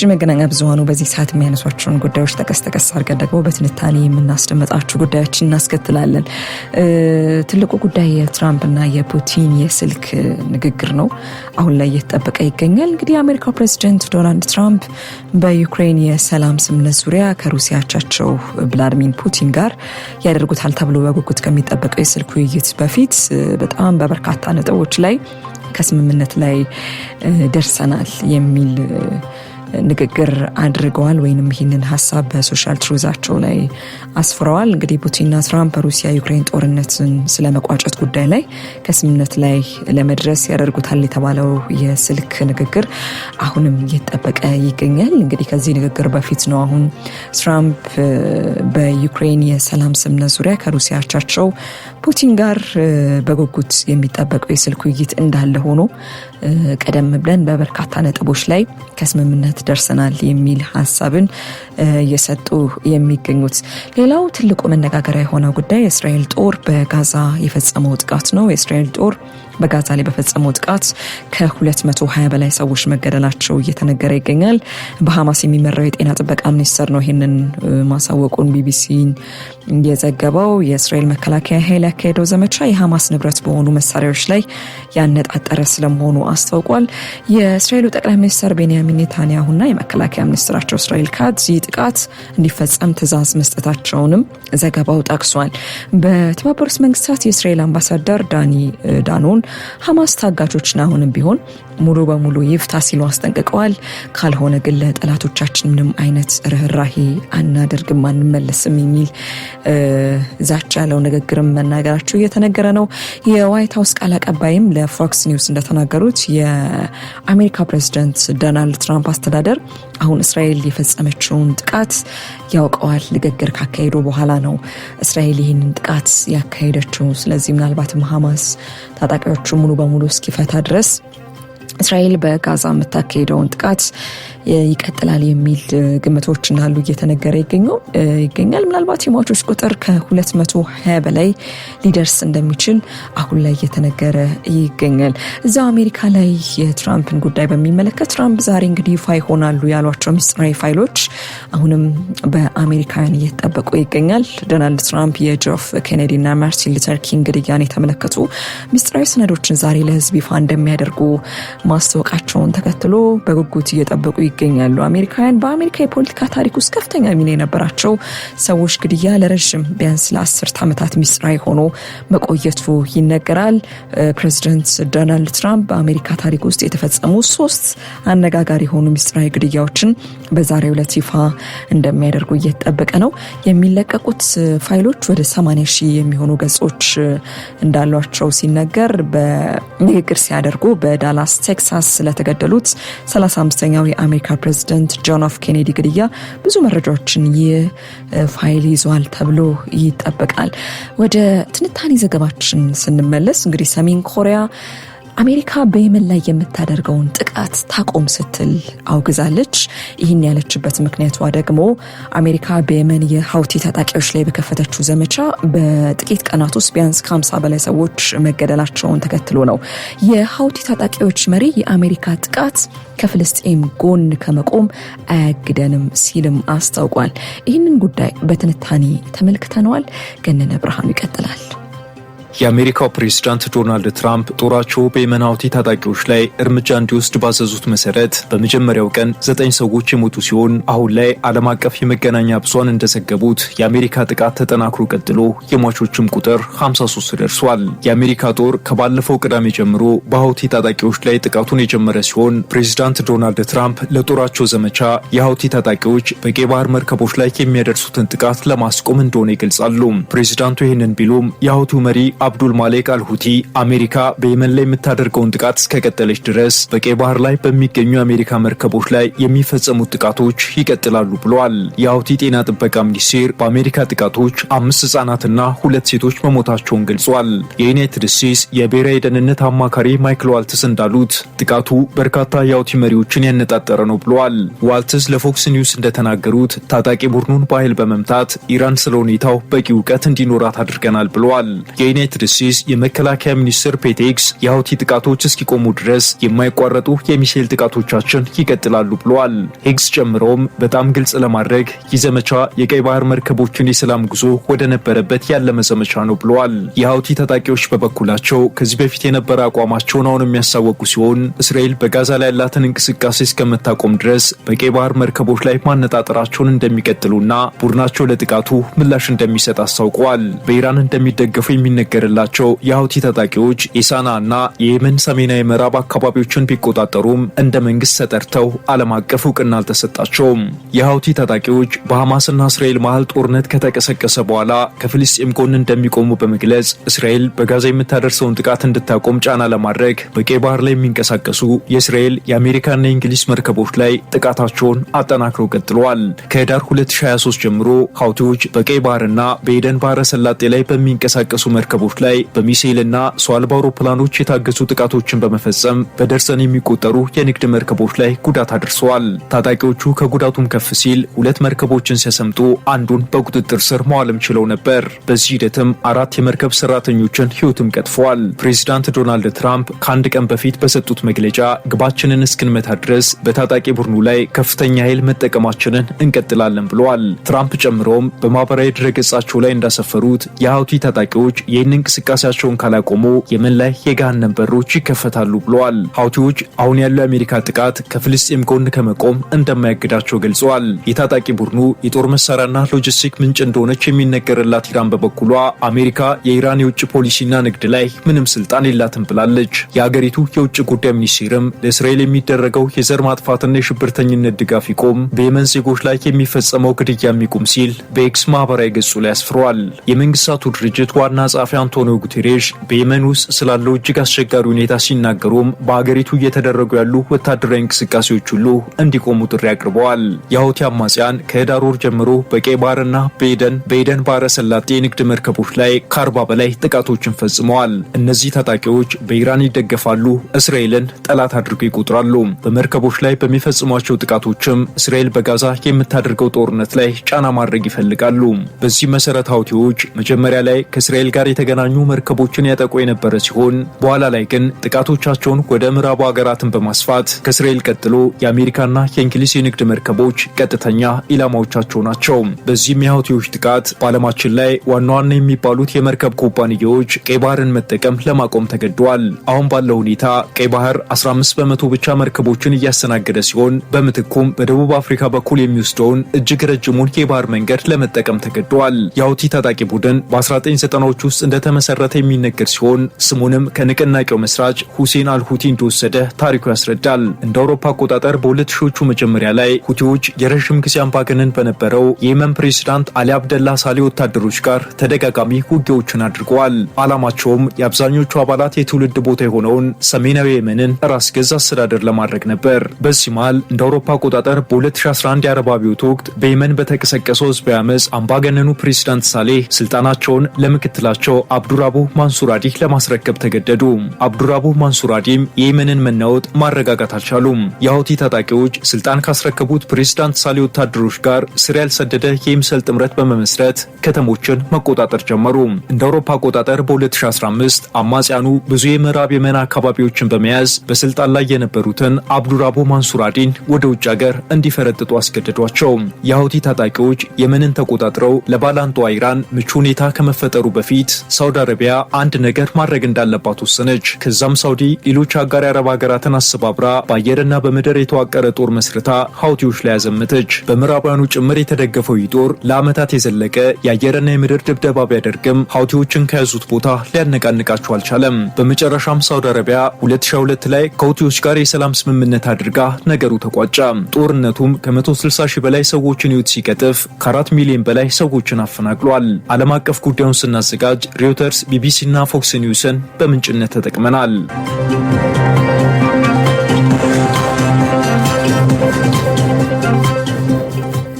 የውጭ መገናኛ ብዙሀኑ በዚህ ሰዓት የሚያነሷቸውን ጉዳዮች ጠቀስ ጠቀስ አድርገን ደግሞ በትንታኔ የምናስደመጣችሁ ጉዳዮች እናስከትላለን። ትልቁ ጉዳይ የትራምፕና የፑቲን የስልክ ንግግር ነው፣ አሁን ላይ እየተጠበቀ ይገኛል። እንግዲህ የአሜሪካው ፕሬዚደንት ዶናልድ ትራምፕ በዩክሬን የሰላም ስምነት ዙሪያ ከሩሲያ አቻቸው ቭላድሚር ፑቲን ጋር ያደርጉታል ተብሎ በጉጉት ከሚጠበቀው የስልክ ውይይት በፊት በጣም በበርካታ ነጥቦች ላይ ከስምምነት ላይ ደርሰናል የሚል ንግግር አድርገዋል ወይም ይህንን ሀሳብ በሶሻል ትሩዛቸው ላይ አስፍረዋል። እንግዲህ ፑቲንና ትራምፕ በሩሲያ ዩክሬን ጦርነትን ስለመቋጨት ጉዳይ ላይ ከስምነት ላይ ለመድረስ ያደርጉታል የተባለው የስልክ ንግግር አሁንም እየተጠበቀ ይገኛል። እንግዲህ ከዚህ ንግግር በፊት ነው አሁን ትራምፕ በዩክሬን የሰላም ስምነት ዙሪያ ከሩሲያቻቸው ፑቲን ጋር በጉጉት የሚጠበቀው የስልክ ውይይት እንዳለ ሆኖ ቀደም ብለን በበርካታ ነጥቦች ላይ ከስምምነት ደርሰናል የሚል ሀሳብን እየሰጡ የሚገኙት። ሌላው ትልቁ መነጋገሪያ የሆነው ጉዳይ የእስራኤል ጦር በጋዛ የፈጸመው ጥቃት ነው። የእስራኤል ጦር በጋዛ ላይ በፈጸመው ጥቃት ከ220 በላይ ሰዎች መገደላቸው እየተነገረ ይገኛል። በሐማስ የሚመራው የጤና ጥበቃ ሚኒስቴር ነው ይህንን ማሳወቁን ቢቢሲን የዘገበው። የእስራኤል መከላከያ ኃይል ያካሄደው ዘመቻ የሐማስ ንብረት በሆኑ መሳሪያዎች ላይ ያነጣጠረ ስለመሆኑ አስታውቋል። የእስራኤሉ ጠቅላይ ሚኒስትር ቤንያሚን ኔታንያሁና የመከላከያ ሚኒስትራቸው እስራኤል ካትዝ ይህ ጥቃት እንዲፈጸም ትዕዛዝ መስጠታቸውንም ዘገባው ጠቅሷል። በተባበሩት መንግስታት የእስራኤል አምባሳደር ዳኒ ዳኖን ሐማስ ታጋቾችን አሁንም ቢሆን ሙሉ በሙሉ ይፍታ ሲሉ አስጠንቅቀዋል። ካልሆነ ግን ለጠላቶቻችን ምንም አይነት ርኅራሄ አናደርግም፣ አንመለስም የሚል ዛቻ ያለው ንግግርም መናገራቸው እየተነገረ ነው። የዋይት ሀውስ ቃል አቀባይም ለፎክስ ኒውስ እንደተናገሩት የአሜሪካ ፕሬዚደንት ዶናልድ ትራምፕ አስተዳደር አሁን እስራኤል የፈጸመችውን ጥቃት ያውቀዋል። ንግግር ካካሄዱ በኋላ ነው እስራኤል ይህንን ጥቃት ያካሄደችው። ስለዚህ ምናልባትም ሀማስ ታጣቂዎቹ ሙሉ በሙሉ እስኪፈታ ድረስ እስራኤል በጋዛ የምታካሄደውን ጥቃት ይቀጥላል የሚል ግምቶች እንዳሉ እየተነገረ ይገኛል። ምናልባት የሟቾች ቁጥር ከ220 በላይ ሊደርስ እንደሚችል አሁን ላይ እየተነገረ ይገኛል። እዚያው አሜሪካ ላይ የትራምፕን ጉዳይ በሚመለከት ትራምፕ ዛሬ እንግዲህ ይፋ ይሆናሉ ያሏቸው ሚስጥራዊ ፋይሎች አሁንም በአሜሪካውያን እየተጠበቁ ይገኛል። ዶናልድ ትራምፕ የጆፍ ኬኔዲና ማርቲን ሉተር ኪንግ ግድያን የተመለከቱ ሚስጥራዊ ሰነዶችን ዛሬ ለህዝብ ይፋ እንደሚያደርጉ ማስታወቃቸውን ተከትሎ በጉጉት እየጠበቁ ይገኛሉ። አሜሪካውያን በአሜሪካ የፖለቲካ ታሪክ ውስጥ ከፍተኛ ሚና የነበራቸው ሰዎች ግድያ ለረዥም ቢያንስ ለአስርት ዓመታት ሚስጥራዊ ሆኖ መቆየቱ ይነገራል። ፕሬዚደንት ዶናልድ ትራምፕ በአሜሪካ ታሪክ ውስጥ የተፈጸሙ ሶስት አነጋጋሪ የሆኑ ሚስጥራዊ ግድያዎችን በዛሬው ዕለት ይፋ እንደሚያደርጉ እየተጠበቀ ነው። የሚለቀቁት ፋይሎች ወደ 80 ሺህ የሚሆኑ ገጾች እንዳሏቸው ሲነገር በንግግር ሲያደርጉ በዳላስ ቴክሳስ ስለተገደሉት 35ኛው የአሜሪካ የአሜሪካ ፕሬዚደንት ጆን ኦፍ ኬኔዲ ግድያ ብዙ መረጃዎችን ይህ ፋይል ይዟል ተብሎ ይጠበቃል። ወደ ትንታኔ ዘገባችን ስንመለስ እንግዲህ ሰሜን ኮሪያ አሜሪካ በየመን ላይ የምታደርገውን ጥቃት ታቆም ስትል አውግዛለች። ይህን ያለችበት ምክንያቷ ደግሞ አሜሪካ በየመን የሀውቲ ታጣቂዎች ላይ በከፈተችው ዘመቻ በጥቂት ቀናት ውስጥ ቢያንስ ከሀምሳ በላይ ሰዎች መገደላቸውን ተከትሎ ነው። የሀውቲ ታጣቂዎች መሪ የአሜሪካ ጥቃት ከፍልስጤም ጎን ከመቆም አያግደንም ሲልም አስታውቋል። ይህንን ጉዳይ በትንታኔ ተመልክተነዋል። ገነነ ብርሃኑ ይቀጥላል። የአሜሪካው ፕሬዝዳንት ዶናልድ ትራምፕ ጦራቸው በየመን ሁቲ ታጣቂዎች ላይ እርምጃ እንዲወስድ ባዘዙት መሰረት በመጀመሪያው ቀን ዘጠኝ ሰዎች የሞቱ ሲሆን አሁን ላይ ዓለም አቀፍ የመገናኛ ብዙሃን እንደዘገቡት የአሜሪካ ጥቃት ተጠናክሮ ቀጥሎ የሟቾችም ቁጥር 53 ደርሷል። የአሜሪካ ጦር ከባለፈው ቅዳሜ ጀምሮ በሁቲ ታጣቂዎች ላይ ጥቃቱን የጀመረ ሲሆን ፕሬዝዳንት ዶናልድ ትራምፕ ለጦራቸው ዘመቻ የሁቲ ታጣቂዎች በቀይ ባህር መርከቦች ላይ የሚያደርሱትን ጥቃት ለማስቆም እንደሆነ ይገልጻሉ። ፕሬዚዳንቱ ይህንን ቢሉም የሁቲው መሪ አብዱል ማሌክ አልሁቲ አሜሪካ በየመን ላይ የምታደርገውን ጥቃት እስከቀጠለች ድረስ በቀይ ባህር ላይ በሚገኙ የአሜሪካ መርከቦች ላይ የሚፈጸሙት ጥቃቶች ይቀጥላሉ ብለዋል። የአውቲ ጤና ጥበቃ ሚኒስቴር በአሜሪካ ጥቃቶች አምስት ህጻናትና ሁለት ሴቶች መሞታቸውን ገልጿል። የዩናይትድ ስቴትስ የብሔራዊ ደህንነት አማካሪ ማይክል ዋልትስ እንዳሉት ጥቃቱ በርካታ የአውቲ መሪዎችን ያነጣጠረ ነው ብለዋል። ዋልትስ ለፎክስ ኒውስ እንደተናገሩት ታጣቂ ቡድኑን በኃይል በመምታት ኢራን ስለ ሁኔታው በቂ እውቀት እንዲኖራት አድርገናል ብለዋል። ዩናይትድ ስቴትስ የመከላከያ ሚኒስትር ፔቴክስ ኤግስ የሀውቲ ጥቃቶች እስኪቆሙ ድረስ የማይቋረጡ የሚሳኤል ጥቃቶቻችን ይቀጥላሉ ብለዋል። ሂግስ ጨምሮም በጣም ግልጽ ለማድረግ ይህ ዘመቻ የቀይ ባህር መርከቦችን የሰላም ጉዞ ወደ ነበረበት ያለመ ዘመቻ ነው ብለዋል። የሀውቲ ታጣቂዎች በበኩላቸው ከዚህ በፊት የነበረ አቋማቸውን አሁን የሚያሳወቁ ሲሆን እስራኤል በጋዛ ላይ ያላትን እንቅስቃሴ እስከምታቆም ድረስ በቀይ ባህር መርከቦች ላይ ማነጣጠራቸውን እንደሚቀጥሉና ቡድናቸው ለጥቃቱ ምላሽ እንደሚሰጥ አስታውቀዋል። በኢራን እንደሚደገፉ የሚነገር የተነገረላቸው የሀውቲ ታጣቂዎች ኢሳና እና የየመን ሰሜናዊ ምዕራብ አካባቢዎችን ቢቆጣጠሩም እንደ መንግስት ተጠርተው ዓለም አቀፍ እውቅና አልተሰጣቸውም። የሀውቲ ታጣቂዎች በሐማስና እስራኤል መሃል ጦርነት ከተቀሰቀሰ በኋላ ከፍልስጤም ጎን እንደሚቆሙ በመግለጽ እስራኤል በጋዛ የምታደርሰውን ጥቃት እንድታቆም ጫና ለማድረግ በቀይ ባህር ላይ የሚንቀሳቀሱ የእስራኤል የአሜሪካና የእንግሊዝ መርከቦች ላይ ጥቃታቸውን አጠናክረው ቀጥለዋል። ከህዳር 2023 ጀምሮ ሀውቲዎች በቀይ ባህርና በኤደን ባህረ ሰላጤ ላይ በሚንቀሳቀሱ መርከቦች ከተሞች ላይ በሚሳኤልና ሰው አልባ አውሮፕላኖች የታገዙ ጥቃቶችን በመፈጸም በደርሰን የሚቆጠሩ የንግድ መርከቦች ላይ ጉዳት አድርሰዋል። ታጣቂዎቹ ከጉዳቱም ከፍ ሲል ሁለት መርከቦችን ሲያሰምጡ አንዱን በቁጥጥር ስር መዋልም ችለው ነበር። በዚህ ሂደትም አራት የመርከብ ሰራተኞችን ህይወትም ቀጥፈዋል። ፕሬዚዳንት ዶናልድ ትራምፕ ከአንድ ቀን በፊት በሰጡት መግለጫ ግባችንን እስክንመታ ድረስ በታጣቂ ቡድኑ ላይ ከፍተኛ ኃይል መጠቀማችንን እንቀጥላለን ብለዋል። ትራምፕ ጨምረውም በማህበራዊ ድረገጻቸው ላይ እንዳሰፈሩት የሀውቲ ታጣቂዎች ይህንን እንቅስቃሴያቸውን ካላቆሙ የመን ላይ የገሃነም በሮች ይከፈታሉ ብለዋል። ሀውቲዎች አሁን ያለው የአሜሪካ ጥቃት ከፍልስጤም ጎን ከመቆም እንደማያግዳቸው ገልጸዋል። የታጣቂ ቡድኑ የጦር መሳሪያና ሎጂስቲክ ምንጭ እንደሆነች የሚነገርላት ኢራን በበኩሏ አሜሪካ የኢራን የውጭ ፖሊሲና ንግድ ላይ ምንም ስልጣን የላትም ብላለች። የአገሪቱ የውጭ ጉዳይ ሚኒስቴርም ለእስራኤል የሚደረገው የዘር ማጥፋትና የሽብርተኝነት ድጋፍ ይቆም፣ በየመን ዜጎች ላይ የሚፈጸመው ግድያ የሚቁም ሲል በኤክስ ማህበራዊ ገጹ ላይ አስፍረዋል። የመንግስታቱ ድርጅት ዋና ጸሐፊ አንቶኒዮ ጉቴሬሽ በየመን ውስጥ ስላለው እጅግ አስቸጋሪ ሁኔታ ሲናገሩም በአገሪቱ እየተደረጉ ያሉ ወታደራዊ እንቅስቃሴዎች ሁሉ እንዲቆሙ ጥሪ አቅርበዋል። የሁቲ አማጽያን ከህዳር ወር ጀምሮ በቀይ ባህርና በኤደን በኤደን ባህረ ሰላጤ የንግድ መርከቦች ላይ ከአርባ በላይ ጥቃቶችን ፈጽመዋል። እነዚህ ታጣቂዎች በኢራን ይደገፋሉ፣ እስራኤልን ጠላት አድርገው ይቆጥራሉ። በመርከቦች ላይ በሚፈጽሟቸው ጥቃቶችም እስራኤል በጋዛ የምታደርገው ጦርነት ላይ ጫና ማድረግ ይፈልጋሉ። በዚህ መሰረት ሀውቲዎች መጀመሪያ ላይ ከእስራኤል ጋር የተገና የተገናኙ መርከቦችን ያጠቁ የነበረ ሲሆን በኋላ ላይ ግን ጥቃቶቻቸውን ወደ ምዕራቡ ሀገራትን በማስፋት ከእስራኤል ቀጥሎ የአሜሪካና የእንግሊዝ የንግድ መርከቦች ቀጥተኛ ኢላማዎቻቸው ናቸው። በዚህም የሁቲዎች ጥቃት በዓለማችን ላይ ዋና ዋና የሚባሉት የመርከብ ኩባንያዎች ቀይ ባህርን መጠቀም ለማቆም ተገደዋል። አሁን ባለው ሁኔታ ቀይ ባህር 15 በመቶ ብቻ መርከቦችን እያስተናገደ ሲሆን በምትኩም በደቡብ አፍሪካ በኩል የሚወስደውን እጅግ ረጅሙን የባህር መንገድ ለመጠቀም ተገደዋል። የሀውቲ ታጣቂ ቡድን በ1990ዎች ውስጥ እንደ እንደተመሰረተ የሚነገር ሲሆን ስሙንም ከንቅናቄው መስራች ሁሴን አልሁቲ እንደወሰደ ታሪኩ ያስረዳል። እንደ አውሮፓ አቆጣጠር በሁለት ሺዎቹ መጀመሪያ ላይ ሁቲዎች የረዥም ጊዜ አምባገነን በነበረው የየመን ፕሬዚዳንት አሊ አብደላ ሳሌ ወታደሮች ጋር ተደጋጋሚ ውጊያዎችን አድርገዋል። ዓላማቸውም የአብዛኞቹ አባላት የትውልድ ቦታ የሆነውን ሰሜናዊ የመንን ራስ ገዝ አስተዳደር ለማድረግ ነበር። በዚህ መሃል እንደ አውሮፓ አቆጣጠር በ2011 የአረብ አብዮት ወቅት በየመን በተቀሰቀሰው ህዝባዊ አመፅ አምባገነኑ ፕሬዚዳንት ሳሌህ ስልጣናቸውን ለምክትላቸው አብዱራቡ ማንሱራዲ ለማስረከብ ተገደዱ። አብዱራቡ ማንሱራዲም የየመንን መናወጥ ማረጋጋት አልቻሉም። የሀውቲ ታጣቂዎች ስልጣን ካስረከቡት ፕሬዝዳንት ሳሌ ወታደሮች ጋር ስር ያልሰደደ የምሰል ጥምረት በመመስረት ከተሞችን መቆጣጠር ጀመሩ። እንደ አውሮፓ አቆጣጠር በ2015 አማጽያኑ ብዙ የምዕራብ የመን አካባቢዎችን በመያዝ በስልጣን ላይ የነበሩትን አብዱራቡ ማንሱራዲን ወደ ውጭ ሀገር እንዲፈረጥጡ አስገደዷቸው። የሀውቲ ታጣቂዎች የመንን ተቆጣጥረው ለባላንጦ ኢራን ምቹ ሁኔታ ከመፈጠሩ በፊት ሳውዲ አረቢያ አንድ ነገር ማድረግ እንዳለባት ወሰነች። ከዛም ሳውዲ ሌሎች አጋር የአረብ ሀገራትን አሰባብራ በአየርና በምድር የተዋቀረ ጦር መስርታ ሀውቲዎች ላይ ያዘመተች። በምዕራባውያኑ ጭምር የተደገፈው ይህ ጦር ለዓመታት የዘለቀ የአየርና የምድር ድብደባ ቢያደርግም ሀውቲዎችን ከያዙት ቦታ ሊያነቃንቃቸው አልቻለም። በመጨረሻም ሳውዲ አረቢያ 202 ላይ ከሀውቲዎች ጋር የሰላም ስምምነት አድርጋ ነገሩ ተቋጨ። ጦርነቱም ከ160 ሺህ በላይ ሰዎችን ሕይወት ሲቀጥፍ ከ4 ሚሊዮን በላይ ሰዎችን አፈናቅሏል። ዓለም አቀፍ ጉዳዩን ስናዘጋጅ ሮይተርስ፣ እና ፎክስ ኒውስን በምንጭነት ተጠቅመናል።